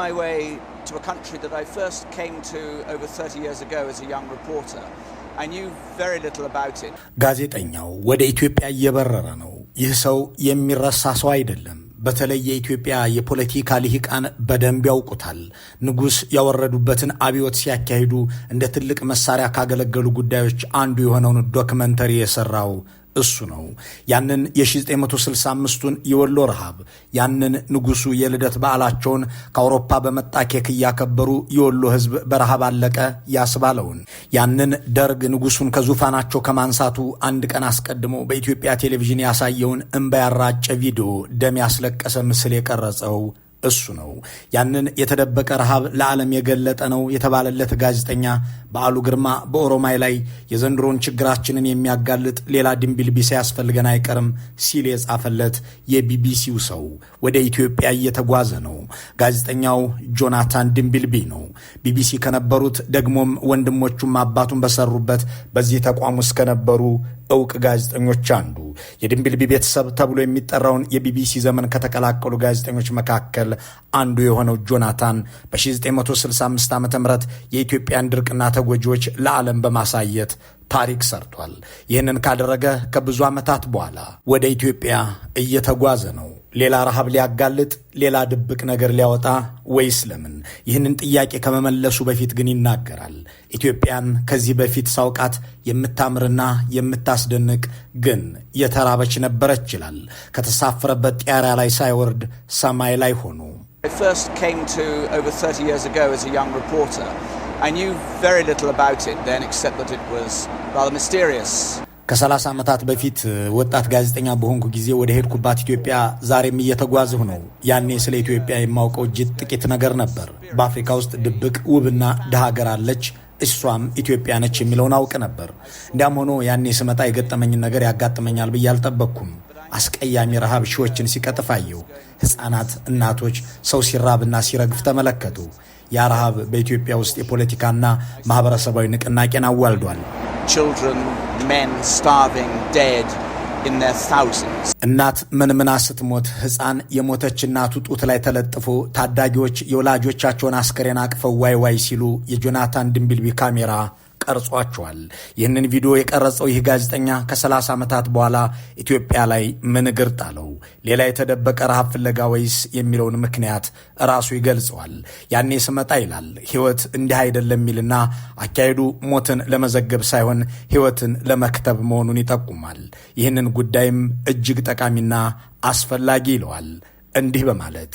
my way to a country that I first came to over 30 years ago as a young reporter. I knew very little about it. ጋዜጠኛው ወደ ኢትዮጵያ እየበረረ ነው። ይህ ሰው የሚረሳ ሰው አይደለም። በተለይ የኢትዮጵያ የፖለቲካ ልሂቃን በደንብ ያውቁታል። ንጉሥ ያወረዱበትን አብዮት ሲያካሂዱ እንደ ትልቅ መሳሪያ ካገለገሉ ጉዳዮች አንዱ የሆነውን ዶክመንተሪ የሰራው እሱ ነው። ያንን የ1965ቱን የወሎ ረሃብ፣ ያንን ንጉሱ የልደት በዓላቸውን ከአውሮፓ በመጣ ኬክ እያከበሩ የወሎ ህዝብ በረሃብ አለቀ ያስባለውን፣ ያንን ደርግ ንጉሱን ከዙፋናቸው ከማንሳቱ አንድ ቀን አስቀድሞ በኢትዮጵያ ቴሌቪዥን ያሳየውን እምባ ያራጨ ቪዲዮ፣ ደም ያስለቀሰ ምስል የቀረጸው እሱ ነው። ያንን የተደበቀ ረሃብ ለዓለም የገለጠ ነው የተባለለት ጋዜጠኛ በዓሉ ግርማ በኦሮማይ ላይ የዘንድሮን ችግራችንን የሚያጋልጥ ሌላ ድንቢልቢሳ ያስፈልገን አይቀርም ሲል የጻፈለት የቢቢሲው ሰው ወደ ኢትዮጵያ እየተጓዘ ነው። ጋዜጠኛው ጆናታን ድንቢልቢ ነው። ቢቢሲ ከነበሩት ደግሞም ወንድሞቹም አባቱን በሰሩበት በዚህ ተቋም ውስጥ ከነበሩ እውቅ ጋዜጠኞች አንዱ የድንቢልቢ ቤተሰብ ተብሎ የሚጠራውን የቢቢሲ ዘመን ከተቀላቀሉ ጋዜጠኞች መካከል አንዱ የሆነው ጆናታን በ1965 ዓ ም የኢትዮጵያን ድርቅና ተጎጂዎች ለዓለም በማሳየት ታሪክ ሰርቷል። ይህንን ካደረገ ከብዙ ዓመታት በኋላ ወደ ኢትዮጵያ እየተጓዘ ነው። ሌላ ረሃብ ሊያጋልጥ፣ ሌላ ድብቅ ነገር ሊያወጣ ወይስ ለምን? ይህንን ጥያቄ ከመመለሱ በፊት ግን ይናገራል። ኢትዮጵያን ከዚህ በፊት ሳውቃት የምታምርና የምታስደንቅ ግን የተራበች ነበረች ይላል። ከተሳፈረበት ጣሪያ ላይ ሳይወርድ ሰማይ ላይ ሆኑ። I knew very little about it then except that it was rather mysterious. ከ30 ዓመታት በፊት uh, ወጣት ጋዜጠኛ በሆንኩ ጊዜ ወደ ሄድኩባት ኢትዮጵያ ዛሬም እየተጓዝሁ ነው። ያኔ ስለ ኢትዮጵያ የማውቀው እጅግ ጥቂት ነገር ነበር። በአፍሪካ ውስጥ ድብቅ ውብና ድሃ ሀገር አለች፣ እሷም ኢትዮጵያ ነች የሚለውን አውቅ ነበር። እንዲያም ሆኖ ያኔ ስመጣ የገጠመኝን ነገር ያጋጥመኛል ብዬ አልጠበቅኩም። አስቀያሚ ረሃብ ሺዎችን ሲቀጥፍ አየሁ። ሕፃናት፣ እናቶች ሰው ሲራብና ሲረግፍ ተመለከቱ። ያ ረሃብ በኢትዮጵያ ውስጥ የፖለቲካና ማኅበረሰባዊ ንቅናቄን አዋልዷል። እናት ምንምና ስትሞት ሕፃን የሞተች እናቱ ጡት ላይ ተለጥፎ ታዳጊዎች የወላጆቻቸውን አስከሬን አቅፈው ዋይ ዋይ ሲሉ የጆናታን ድንቢልቢ ካሜራ ቀርጿቸዋል። ይህንን ቪዲዮ የቀረጸው ይህ ጋዜጠኛ ከ30 ዓመታት በኋላ ኢትዮጵያ ላይ ምን እግር ጣለው? ሌላ የተደበቀ ረሃብ ፍለጋ ወይስ የሚለውን ምክንያት ራሱ ይገልጸዋል። ያኔ ስመጣ ይላል ሕይወት እንዲህ አይደለም የሚልና አካሄዱ ሞትን ለመዘገብ ሳይሆን ሕይወትን ለመክተብ መሆኑን ይጠቁማል። ይህንን ጉዳይም እጅግ ጠቃሚና አስፈላጊ ይለዋል እንዲህ በማለት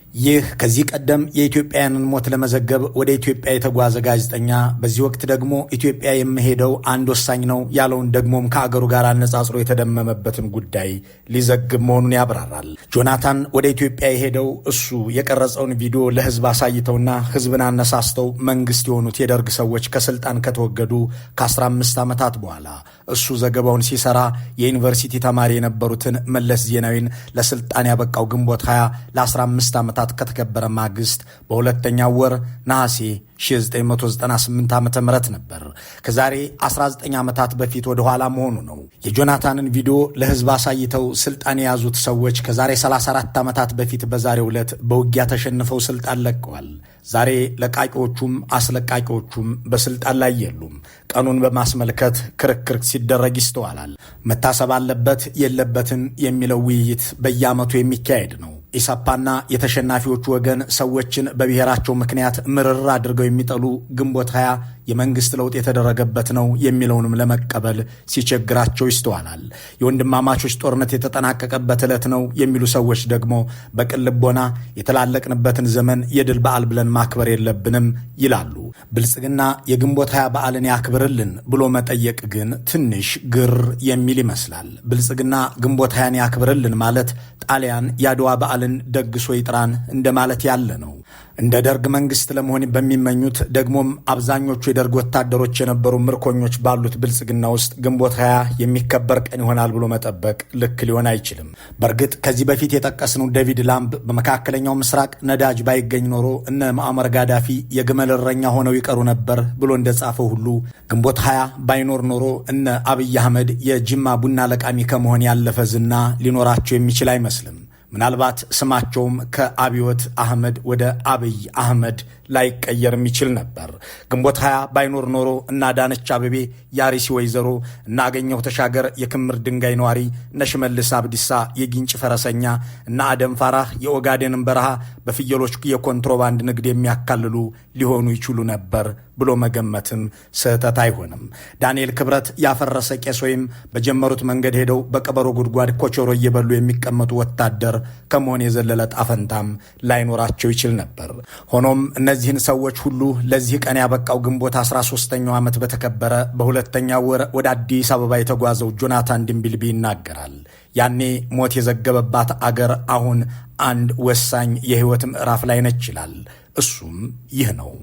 ይህ ከዚህ ቀደም የኢትዮጵያውያንን ሞት ለመዘገብ ወደ ኢትዮጵያ የተጓዘ ጋዜጠኛ በዚህ ወቅት ደግሞ ኢትዮጵያ የምሄደው አንድ ወሳኝ ነው ያለውን ደግሞም ከአገሩ ጋር አነጻጽሮ የተደመመበትን ጉዳይ ሊዘግብ መሆኑን ያብራራል። ጆናታን ወደ ኢትዮጵያ የሄደው እሱ የቀረጸውን ቪዲዮ ለሕዝብ አሳይተውና ሕዝብን አነሳስተው መንግስት የሆኑት የደርግ ሰዎች ከስልጣን ከተወገዱ ከ15 ዓመታት በኋላ እሱ ዘገባውን ሲሰራ የዩኒቨርሲቲ ተማሪ የነበሩትን መለስ ዜናዊን ለስልጣን ያበቃው ግንቦት 20 ለ15 ዓመታት ሰዓታት ከተከበረ ማግስት በሁለተኛው ወር ነሐሴ 1998 ዓ ም ነበር። ከዛሬ 19 ዓመታት በፊት ወደ ኋላ መሆኑ ነው። የጆናታንን ቪዲዮ ለሕዝብ አሳይተው ስልጣን የያዙት ሰዎች ከዛሬ 34 ዓመታት በፊት በዛሬ ዕለት በውጊያ ተሸንፈው ስልጣን ለቀዋል። ዛሬ ለቃቂዎቹም አስለቃቂዎቹም በስልጣን ላይ የሉም። ቀኑን በማስመልከት ክርክር ሲደረግ ይስተዋላል። መታሰብ አለበት የለበትን የሚለው ውይይት በየዓመቱ የሚካሄድ ነው። ኢሰፓና የተሸናፊዎቹ ወገን ሰዎችን በብሔራቸው ምክንያት ምርር አድርገው የሚጠሉ ግንቦት ሀያ የመንግስት ለውጥ የተደረገበት ነው የሚለውንም ለመቀበል ሲቸግራቸው ይስተዋላል። የወንድማማቾች ጦርነት የተጠናቀቀበት ዕለት ነው የሚሉ ሰዎች ደግሞ በቅን ልቦና የተላለቅንበትን ዘመን የድል በዓል ብለን ማክበር የለብንም ይላሉ። ብልጽግና የግንቦት ሃያ በዓልን ያክብርልን ብሎ መጠየቅ ግን ትንሽ ግር የሚል ይመስላል። ብልጽግና ግንቦት ሃያን ያክብርልን ማለት ጣሊያን የአድዋ በዓልን ደግሶ ይጥራን እንደማለት ያለ ነው። እንደ ደርግ መንግስት ለመሆን በሚመኙት ደግሞም አብዛኞቹ የደርግ ወታደሮች የነበሩ ምርኮኞች ባሉት ብልጽግና ውስጥ ግንቦት ሀያ የሚከበር ቀን ይሆናል ብሎ መጠበቅ ልክ ሊሆን አይችልም። በእርግጥ ከዚህ በፊት የጠቀስነው ዴቪድ ላምብ በመካከለኛው ምስራቅ ነዳጅ ባይገኝ ኖሮ እነ ማዕመር ጋዳፊ የግመል እረኛ ሆነው ይቀሩ ነበር ብሎ እንደጻፈው ሁሉ ግንቦት ሀያ ባይኖር ኖሮ እነ አብይ አህመድ የጅማ ቡና ለቃሚ ከመሆን ያለፈ ዝና ሊኖራቸው የሚችል አይመስልም። ምናልባት ስማቸውም ከአብዮት አህመድ ወደ አብይ አህመድ ላይቀየር የሚችል ነበር። ግንቦት ሀያ ባይኖር ኖሮ እና ዳነች አበቤ የአርሲ ወይዘሮ እና አገኘው ተሻገር የክምር ድንጋይ ነዋሪ እነ ሽመልስ አብዲሳ የጊንጭ ፈረሰኛ እና አደም ፋራህ የኦጋዴንን በረሃ በፍየሎች የኮንትሮባንድ ንግድ የሚያካልሉ ሊሆኑ ይችሉ ነበር ብሎ መገመትም ስህተት አይሆንም። ዳንኤል ክብረት ያፈረሰ ቄስ ወይም በጀመሩት መንገድ ሄደው በቀበሮ ጉድጓድ ኮቸሮ እየበሉ የሚቀመጡ ወታደር ከመሆን የዘለለ ጣፈንታም ላይኖራቸው ይችል ነበር። ሆኖም እነዚህ እነዚህን ሰዎች ሁሉ ለዚህ ቀን ያበቃው ግንቦት 13ኛው ዓመት በተከበረ በሁለተኛው ወር ወደ አዲስ አበባ የተጓዘው ጆናታን ድንቢልቢ ይናገራል። ያኔ ሞት የዘገበባት አገር አሁን አንድ ወሳኝ የህይወት ምዕራፍ ላይ ነች ይላል። እሱም ይህ ነው።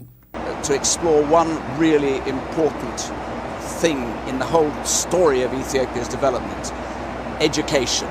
ኤጁኬሽን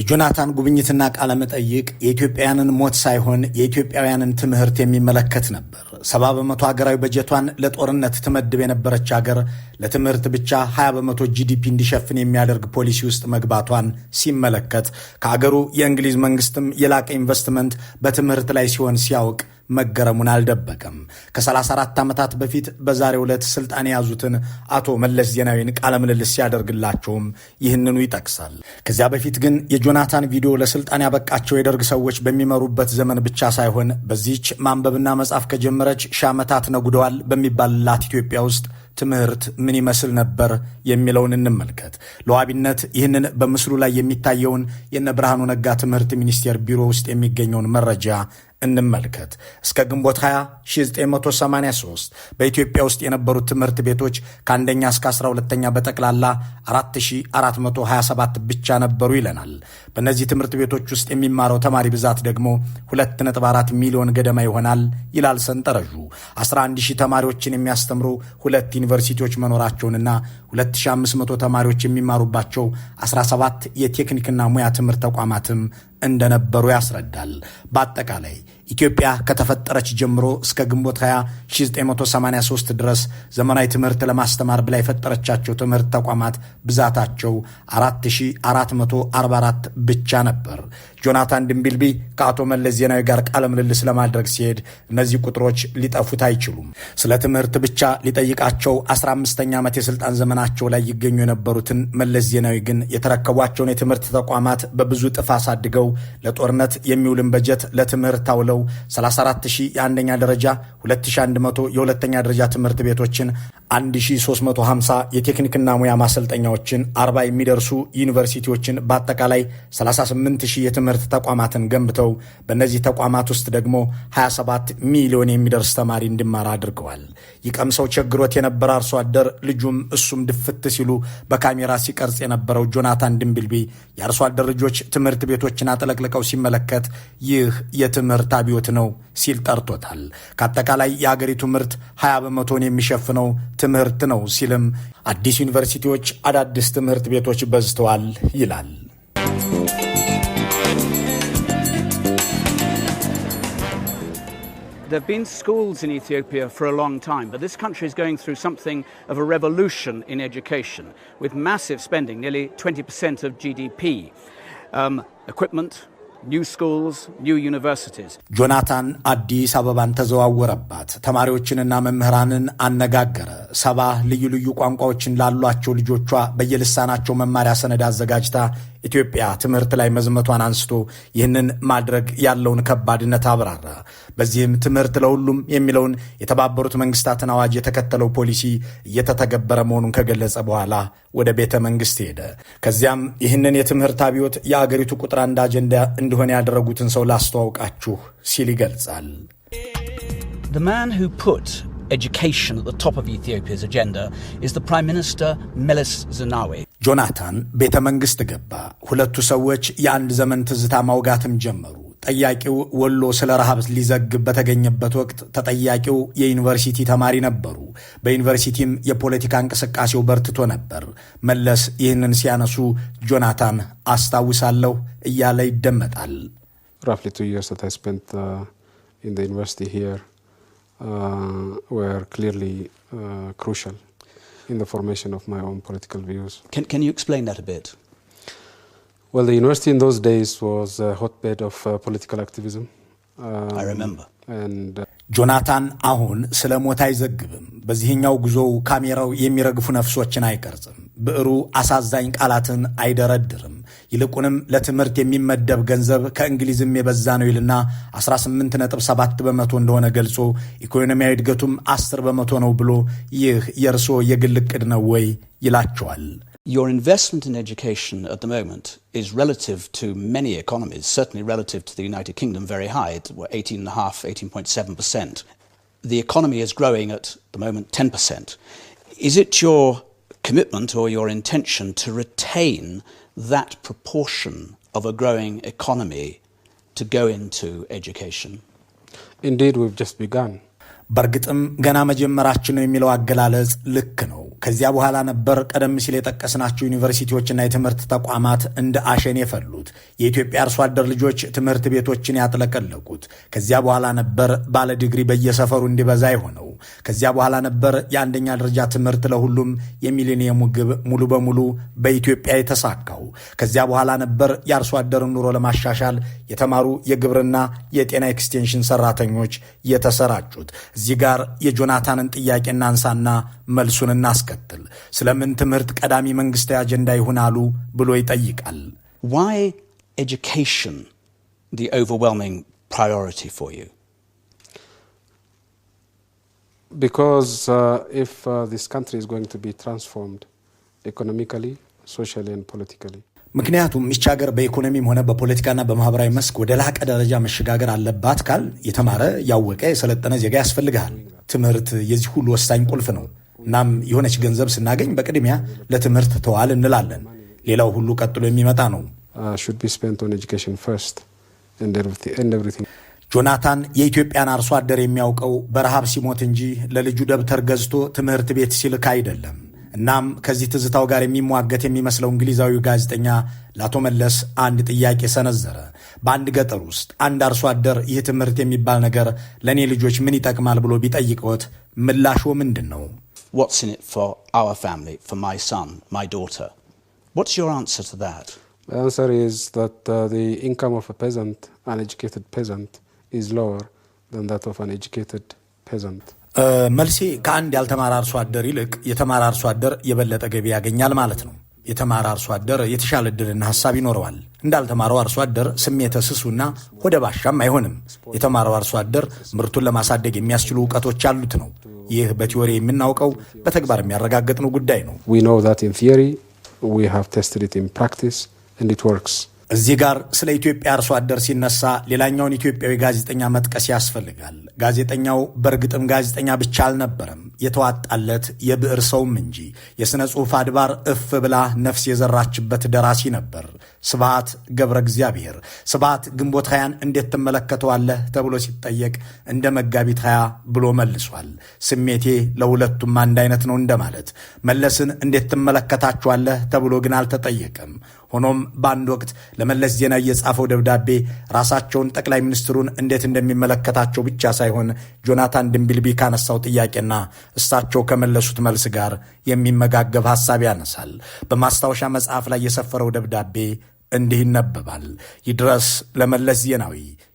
የጆናታን ጉብኝትና ቃለ መጠይቅ የኢትዮጵያውያንን ሞት ሳይሆን የኢትዮጵያውያንን ትምህርት የሚመለከት ነበር። ሰባ በመቶ ሀገራዊ በጀቷን ለጦርነት ትመድብ የነበረች ሀገር ለትምህርት ብቻ 20 በመቶ ጂዲፒ እንዲሸፍን የሚያደርግ ፖሊሲ ውስጥ መግባቷን ሲመለከት ከአገሩ የእንግሊዝ መንግስትም የላቀ ኢንቨስትመንት በትምህርት ላይ ሲሆን ሲያውቅ መገረሙን አልደበቀም። ከ34 ዓመታት በፊት በዛሬው ዕለት ስልጣን የያዙትን አቶ መለስ ዜናዊን ቃለምልልስ ሲያደርግላቸውም ይህንኑ ይጠቅሳል። ከዚያ በፊት ግን የጆናታን ቪዲዮ ለስልጣን ያበቃቸው የደርግ ሰዎች በሚመሩበት ዘመን ብቻ ሳይሆን በዚች ማንበብና መጻፍ ከጀመረች ሺህ ዓመታት ነጉደዋል በሚባልላት ኢትዮጵያ ውስጥ ትምህርት ምን ይመስል ነበር የሚለውን እንመልከት። ለዋቢነት ይህንን በምስሉ ላይ የሚታየውን የነ ብርሃኑ ነጋ ትምህርት ሚኒስቴር ቢሮ ውስጥ የሚገኘውን መረጃ እንመልከት። እስከ ግንቦት 20 1983 በኢትዮጵያ ውስጥ የነበሩ ትምህርት ቤቶች ከአንደኛ እስከ 12ተኛ በጠቅላላ 4427 ብቻ ነበሩ ይለናል። በእነዚህ ትምህርት ቤቶች ውስጥ የሚማረው ተማሪ ብዛት ደግሞ 2.4 ሚሊዮን ገደማ ይሆናል ይላል ሰንጠረዡ። 11 ሺህ ተማሪዎችን የሚያስተምሩ ሁለት ዩኒቨርሲቲዎች መኖራቸውንና 2500 ተማሪዎች የሚማሩባቸው 17 የቴክኒክና ሙያ ትምህርት ተቋማትም እንደነበሩ ያስረዳል። በአጠቃላይ ኢትዮጵያ ከተፈጠረች ጀምሮ እስከ ግንቦት 20 1983 ድረስ ዘመናዊ ትምህርት ለማስተማር ብላ የፈጠረቻቸው ትምህርት ተቋማት ብዛታቸው 4444 ብቻ ነበር። ጆናታን ድንቢልቢ ከአቶ መለስ ዜናዊ ጋር ቃለ ምልልስ ለማድረግ ሲሄድ እነዚህ ቁጥሮች ሊጠፉት አይችሉም። ስለ ትምህርት ብቻ ሊጠይቃቸው 15 ኛ ዓመት የስልጣን ዘመናቸው ላይ ይገኙ የነበሩትን መለስ ዜናዊ ግን የተረከቧቸውን የትምህርት ተቋማት በብዙ ጥፍ አሳድገው ለጦርነት የሚውልን በጀት ለትምህርት አውለው 34 ሺህ የአንደኛ ደረጃ 2100 የሁለተኛ ደረጃ ትምህርት ቤቶችን 1350 የቴክኒክና ሙያ ማሰልጠኛዎችን፣ 40 የሚደርሱ ዩኒቨርሲቲዎችን በአጠቃላይ 38000 የትምህርት ተቋማትን ገንብተው በእነዚህ ተቋማት ውስጥ ደግሞ 27 ሚሊዮን የሚደርስ ተማሪ እንዲማር አድርገዋል። ይቀምሰው ቸግሮት የነበረ አርሶ አደር ልጁም እሱም ድፍት ሲሉ በካሜራ ሲቀርጽ የነበረው ጆናታን ድንብልቢ የአርሶ አደር ልጆች ትምህርት ቤቶችን አጥለቅልቀው ሲመለከት ይህ የትምህርት አብዮት ነው ሲል ጠርቶታል። ከአጠቃላይ የአገሪቱ ምርት 20 በመቶን የሚሸፍነው ትምህርት ነው ሲልም አዲስ ዩኒቨርሲቲዎች፣ አዳዲስ ትምህርት ቤቶች በዝተዋል ይላል። There have been schools in Ethiopia for a long time, but this country is going through something of a revolution in education with massive spending, nearly 20% of GDP. Um, equipment, new schools, new universities. Jonathan አዲስ አበባን ተዘዋወረባት፣ ተማሪዎችንና መምህራንን አነጋገረ። ሰባ ልዩ ልዩ ቋንቋዎችን ላሏቸው ልጆቿ በየልሳናቸው መማሪያ ኢትዮጵያ ትምህርት ላይ መዝመቷን አንስቶ ይህንን ማድረግ ያለውን ከባድነት አብራራ። በዚህም ትምህርት ለሁሉም የሚለውን የተባበሩት መንግስታትን አዋጅ የተከተለው ፖሊሲ እየተተገበረ መሆኑን ከገለጸ በኋላ ወደ ቤተ መንግስት ሄደ። ከዚያም ይህንን የትምህርት አብዮት የአገሪቱ ቁጥር አንድ አጀንዳ እንደሆነ ያደረጉትን ሰው ላስተዋውቃችሁ ሲል ይገልጻል። The man who put education at the top of Ethiopia's agenda is the Prime Minister Meles Zenawi. ጆናታን ቤተ መንግሥት ገባ። ሁለቱ ሰዎች የአንድ ዘመን ትዝታ ማውጋትም ጀመሩ። ጠያቂው ወሎ ስለ ረሃብ ሊዘግብ በተገኘበት ወቅት ተጠያቂው የዩኒቨርሲቲ ተማሪ ነበሩ። በዩኒቨርሲቲም የፖለቲካ እንቅስቃሴው በርትቶ ነበር። መለስ ይህንን ሲያነሱ ጆናታን አስታውሳለሁ እያለ ይደመጣል። ራፍሊ ቱ ይርስ አይ ስፔንት ኢን ዘ ዩኒቨርሲቲ ሂር ወር ክሊርሊ ክሩሻል in the formation of my own political views. Can, can you explain that a bit? Well, the university in those days was a hotbed of uh, political activism. Um, I remember. Um, and. Uh, ጆናታን አሁን ስለ ሞት አይዘግብም። በዚህኛው ጉዞው ካሜራው የሚረግፉ ነፍሶችን አይቀርጽም። ብዕሩ አሳዛኝ ቃላትን አይደረድርም። ይልቁንም ለትምህርት የሚመደብ ገንዘብ ከእንግሊዝም የበዛ ነው ይልና 18.7 በመቶ እንደሆነ ገልጾ ኢኮኖሚያዊ እድገቱም 10 በመቶ ነው ብሎ ይህ የእርሶ የግል ዕቅድ ነው ወይ ይላቸዋል። your investment in education at the moment is relative to many economies, certainly relative to the United Kingdom, very high, at 18.5, 18.7%. The economy is growing at the moment 10%. Is it your commitment or your intention to retain that proportion of a growing economy to go into education? Indeed, we've just begun. በእርግጥም ገና መጀመራችን ነው የሚለው አገላለጽ ልክ ነው። ከዚያ በኋላ ነበር ቀደም ሲል የጠቀስናቸው ዩኒቨርሲቲዎችና የትምህርት ተቋማት እንደ አሸን የፈሉት፣ የኢትዮጵያ አርሶ አደር ልጆች ትምህርት ቤቶችን ያጥለቀለቁት። ከዚያ በኋላ ነበር ባለ ዲግሪ በየሰፈሩ እንዲበዛ የሆነው። ከዚያ በኋላ ነበር የአንደኛ ደረጃ ትምህርት ለሁሉም የሚሊኒየሙ ግብ ሙሉ በሙሉ በኢትዮጵያ የተሳካው። ከዚያ በኋላ ነበር የአርሶ አደርን ኑሮ ለማሻሻል የተማሩ የግብርና የጤና ኤክስቴንሽን ሰራተኞች የተሰራጩት። እዚህ ጋር የጆናታንን ጥያቄ እናንሳና መልሱን እናስ እናስከትል? ስለምን ትምህርት ቀዳሚ መንግሥታዊ አጀንዳ ይሁን አሉ ብሎ ይጠይቃል። ዋይ ኤጁኬሽን the overwhelming priority for you? Because uh, if uh, ምክንያቱም ይቺ ሀገር በኢኮኖሚም ሆነ በፖለቲካና በማህበራዊ መስክ ወደ ላቀ ደረጃ መሸጋገር አለባት ካል የተማረ ያወቀ የሰለጠነ ዜጋ ያስፈልግሃል። ትምህርት የዚህ ሁሉ ወሳኝ ቁልፍ ነው። እናም የሆነች ገንዘብ ስናገኝ በቅድሚያ ለትምህርት ተዋል እንላለን። ሌላው ሁሉ ቀጥሎ የሚመጣ ነው። uh, ጆናታን የኢትዮጵያን አርሶ አደር የሚያውቀው በረሃብ ሲሞት እንጂ ለልጁ ደብተር ገዝቶ ትምህርት ቤት ሲልክ አይደለም። እናም ከዚህ ትዝታው ጋር የሚሟገት የሚመስለው እንግሊዛዊ ጋዜጠኛ ለአቶ መለስ አንድ ጥያቄ ሰነዘረ። በአንድ ገጠር ውስጥ አንድ አርሶ አደር ይህ ትምህርት የሚባል ነገር ለእኔ ልጆች ምን ይጠቅማል ብሎ ቢጠይቅዎት ምላሾ ምንድን ነው? what's in it for our family, for my son, my daughter? What's your answer to that? The answer is that uh, the income of a peasant, an educated peasant, is lower than that of an educated peasant. መልሴ ከአንድ ያልተማረ አርሶ አደር ይልቅ የተማረ አርሶ አደር የበለጠ ገቢ ያገኛል ማለት ነው። የተማረ አርሶ አደር የተሻለ እድልና ሀሳብ ይኖረዋል። እንዳልተማረው አርሶ አደር ስሜተ ስሱና ሆደ ባሻም አይሆንም። የተማረው አርሶ አደር ምርቱን ለማሳደግ የሚያስችሉ እውቀቶች ያሉት ነው። ይህ በቲዎሪ የምናውቀው በተግባር የሚያረጋገጥነው ጉዳይ ነው። እዚህ ጋር ስለ ኢትዮጵያ አርሶ አደር ሲነሳ ሌላኛውን ኢትዮጵያዊ ጋዜጠኛ መጥቀስ ያስፈልጋል። ጋዜጠኛው በእርግጥም ጋዜጠኛ ብቻ አልነበረም፣ የተዋጣለት የብዕር ሰውም እንጂ የሥነ ጽሑፍ አድባር እፍ ብላ ነፍስ የዘራችበት ደራሲ ነበር ስብሐት ገብረ እግዚአብሔር። ስብሐት ግንቦት ሀያን እንዴት ትመለከተዋለህ ተብሎ ሲጠየቅ እንደ መጋቢት ሀያ ብሎ መልሷል። ስሜቴ ለሁለቱም አንድ አይነት ነው እንደማለት። መለስን እንዴት ትመለከታችኋለህ ተብሎ ግን አልተጠየቀም። ሆኖም በአንድ ወቅት ለመለስ ዜናዊ የጻፈው ደብዳቤ ራሳቸውን ጠቅላይ ሚኒስትሩን እንዴት እንደሚመለከታቸው ብቻ ሳይሆን ጆናታን ድንቢልቢ ካነሳው ጥያቄና እሳቸው ከመለሱት መልስ ጋር የሚመጋገብ ሐሳብ ያነሳል። በማስታወሻ መጽሐፍ ላይ የሰፈረው ደብዳቤ እንዲህ ይነበባል። ይድረስ ለመለስ ዜናዊ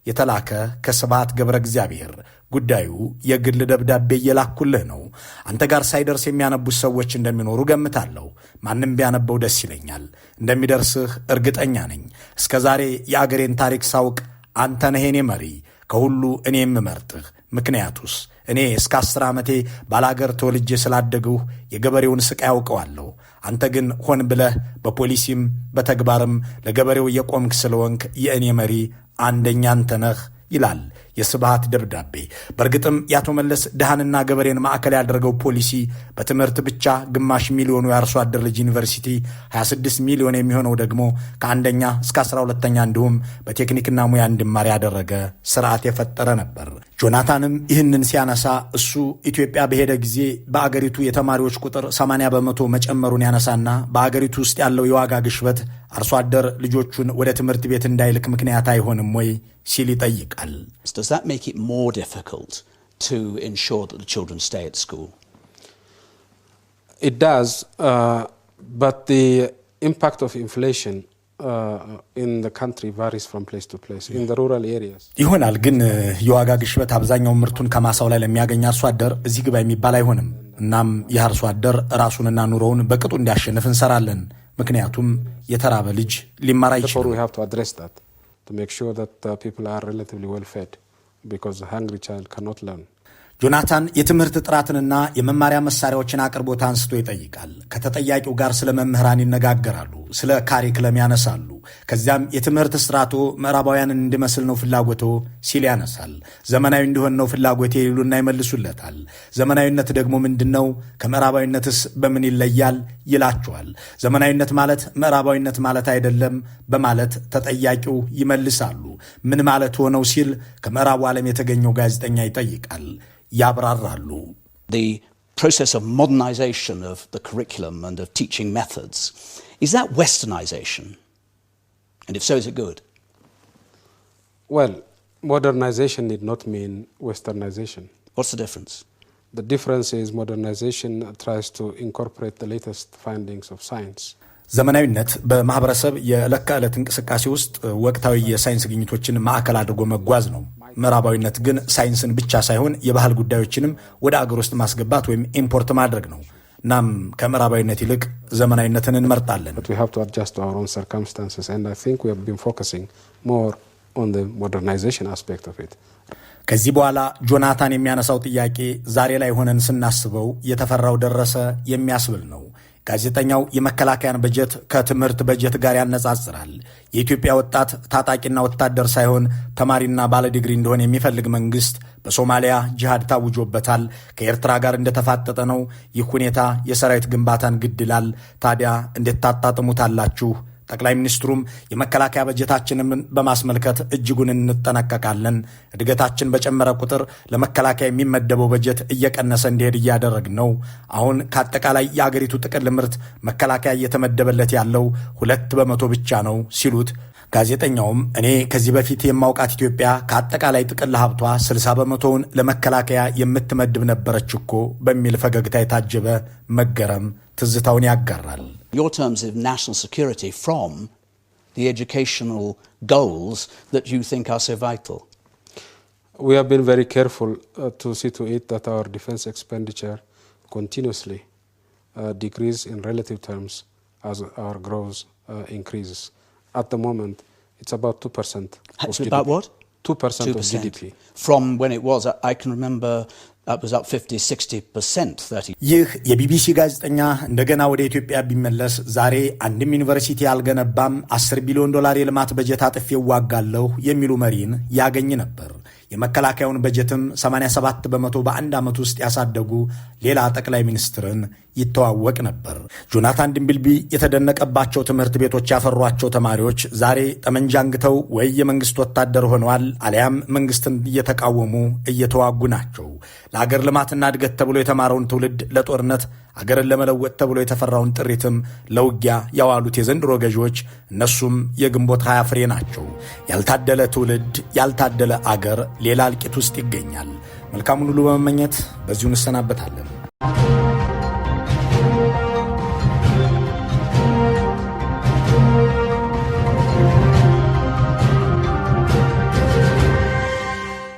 የተላከ ከስብሐት ገብረ እግዚአብሔር ጉዳዩ የግል ደብዳቤ እየላኩልህ ነው። አንተ ጋር ሳይደርስ የሚያነቡት ሰዎች እንደሚኖሩ ገምታለሁ። ማንም ቢያነበው ደስ ይለኛል። እንደሚደርስህ እርግጠኛ ነኝ። እስከ ዛሬ የአገሬን ታሪክ ሳውቅ አንተ ነህ የኔ መሪ፣ ከሁሉ እኔ የምመርጥህ። ምክንያቱስ እኔ እስከ አስር ዓመቴ ባላገር ተወልጄ ስላደግሁ የገበሬውን ስቃይ ያውቀዋለሁ። አንተ ግን ሆን ብለህ በፖሊሲም በተግባርም ለገበሬው የቆምክ ስለወንክ የእኔ መሪ አንደኛ አንተ ነህ ይላል የስብሃት ደብዳቤ። በእርግጥም የአቶ መለስ ድሃንና ገበሬን ማዕከል ያደረገው ፖሊሲ በትምህርት ብቻ ግማሽ ሚሊዮኑ የአርሶ አደር ልጅ ዩኒቨርሲቲ፣ 26 ሚሊዮን የሚሆነው ደግሞ ከአንደኛ እስከ 12ተኛ እንዲሁም በቴክኒክና ሙያ እንዲማር ያደረገ ስርዓት የፈጠረ ነበር። ጆናታንም ይህንን ሲያነሳ እሱ ኢትዮጵያ በሄደ ጊዜ በአገሪቱ የተማሪዎች ቁጥር 80 በመቶ መጨመሩን ያነሳና በአገሪቱ ውስጥ ያለው የዋጋ ግሽበት አርሶ አደር ልጆቹን ወደ ትምህርት ቤት እንዳይልክ ምክንያት አይሆንም ወይ ሲል ይጠይቃል። does that make it more difficult to ensure that the children stay at school? It does, uh, but the impact of inflation ይሆናል ግን uh, የዋጋ ግሽበት አብዛኛውን ምርቱን ከማሳው ላይ ለሚያገኝ አርሶ አደር እዚህ ግባ የሚባል አይሆንም። እናም ይህ አርሶ አደር ራሱንና ኑሮውን በቅጡ እንዲያሸንፍ እንሰራለን። ምክንያቱም የተራበ ልጅ ሊማር አይችልም። because a hungry ጆናታን የትምህርት ጥራትንና የመማሪያ መሳሪያዎችን አቅርቦት አንስቶ ይጠይቃል። ከተጠያቂው ጋር ስለ መምህራን ይነጋገራሉ። ስለ ካሪክለም ያነሳሉ። ከዚያም የትምህርት ስርዓቱ ምዕራባውያንን እንዲመስል ነው ፍላጎቶ ሲል ያነሳል። ዘመናዊ እንዲሆን ነው ፍላጎቴ ይሉና ይመልሱለታል። ዘመናዊነት ደግሞ ምንድን ነው? ከምዕራባዊነትስ በምን ይለያል? ይላቸዋል። ዘመናዊነት ማለት ምዕራባዊነት ማለት አይደለም በማለት ተጠያቂው ይመልሳሉ። ምን ማለት ሆነው ሲል ከምዕራቡ ዓለም የተገኘው ጋዜጠኛ ይጠይቃል። ያብራራሉ። The process of modernization of the curriculum and of teaching methods Is that westernization? And if so, is it good? Well, modernization did not mean westernization. What's the difference? The difference is modernization tries to incorporate the latest findings of science. ዘመናዊነት በማህበረሰብ የዕለት ከዕለት እንቅስቃሴ ውስጥ ወቅታዊ የሳይንስ ግኝቶችን ማዕከል አድርጎ መጓዝ ነው። ምዕራባዊነት ግን ሳይንስን ብቻ ሳይሆን የባህል ጉዳዮችንም ወደ አገር ውስጥ ማስገባት ወይም ኢምፖርት ማድረግ ነው። እናም ከምዕራባዊነት ይልቅ ዘመናዊነትን እንመርጣለን። ከዚህ በኋላ ጆናታን የሚያነሳው ጥያቄ ዛሬ ላይ ሆነን ስናስበው የተፈራው ደረሰ የሚያስብል ነው። ጋዜጠኛው የመከላከያን በጀት ከትምህርት በጀት ጋር ያነጻጽራል። የኢትዮጵያ ወጣት ታጣቂና ወታደር ሳይሆን ተማሪና ባለዲግሪ እንደሆነ የሚፈልግ መንግስት በሶማሊያ ጅሃድ ታውጆበታል፣ ከኤርትራ ጋር እንደተፋጠጠ ነው። ይህ ሁኔታ የሰራዊት ግንባታን ግድላል። ታዲያ እንዴት ታጣጥሙታላችሁ? ጠቅላይ ሚኒስትሩም የመከላከያ በጀታችንን በማስመልከት እጅጉን እንጠነቀቃለን፣ እድገታችን በጨመረ ቁጥር ለመከላከያ የሚመደበው በጀት እየቀነሰ እንዲሄድ እያደረግ ነው። አሁን ከአጠቃላይ የአገሪቱ ጥቅል ምርት መከላከያ እየተመደበለት ያለው ሁለት በመቶ ብቻ ነው ሲሉት ጋዜጠኛውም እኔ ከዚህ በፊት የማውቃት ኢትዮጵያ ከአጠቃላይ ጥቅል ሀብቷ 60 በመቶውን ለመከላከያ የምትመድብ ነበረች እኮ በሚል ፈገግታ የታጀበ መገረም ትዝታውን ያጋራል። your terms of national security from the educational goals that you think are so vital? We have been very careful uh, to see to it that our defense expenditure continuously uh, decrease in relative terms as our growth uh, increases. At the moment, it's about 2%. It's about what? percent of GDP. From when it was, I can remember ይህ የቢቢሲ ጋዜጠኛ እንደገና ወደ ኢትዮጵያ ቢመለስ ዛሬ አንድም ዩኒቨርሲቲ አልገነባም፣ 10 ቢሊዮን ዶላር የልማት በጀት አጥፌ እዋጋለሁ የሚሉ መሪን ያገኝ ነበር። የመከላከያውን በጀትም 87 በመቶ በአንድ ዓመት ውስጥ ያሳደጉ ሌላ ጠቅላይ ሚኒስትርን ይተዋወቅ ነበር። ጆናታን ድንቢልቢ የተደነቀባቸው ትምህርት ቤቶች ያፈሯቸው ተማሪዎች ዛሬ ጠመንጃ አንግተው ወይ የመንግስት ወታደር ሆነዋል፣ አሊያም መንግስትን እየተቃወሙ እየተዋጉ ናቸው። ለአገር ልማትና እድገት ተብሎ የተማረውን ትውልድ ለጦርነት አገርን ለመለወጥ ተብሎ የተፈራውን ጥሪትም ለውጊያ ያዋሉት የዘንድሮ ገዢዎች እነሱም የግንቦት ሀያ ፍሬ ናቸው። ያልታደለ ትውልድ፣ ያልታደለ አገር ሌላ እልቂት ውስጥ ይገኛል። መልካሙን ሁሉ በመመኘት በዚሁ እንሰናበታለን።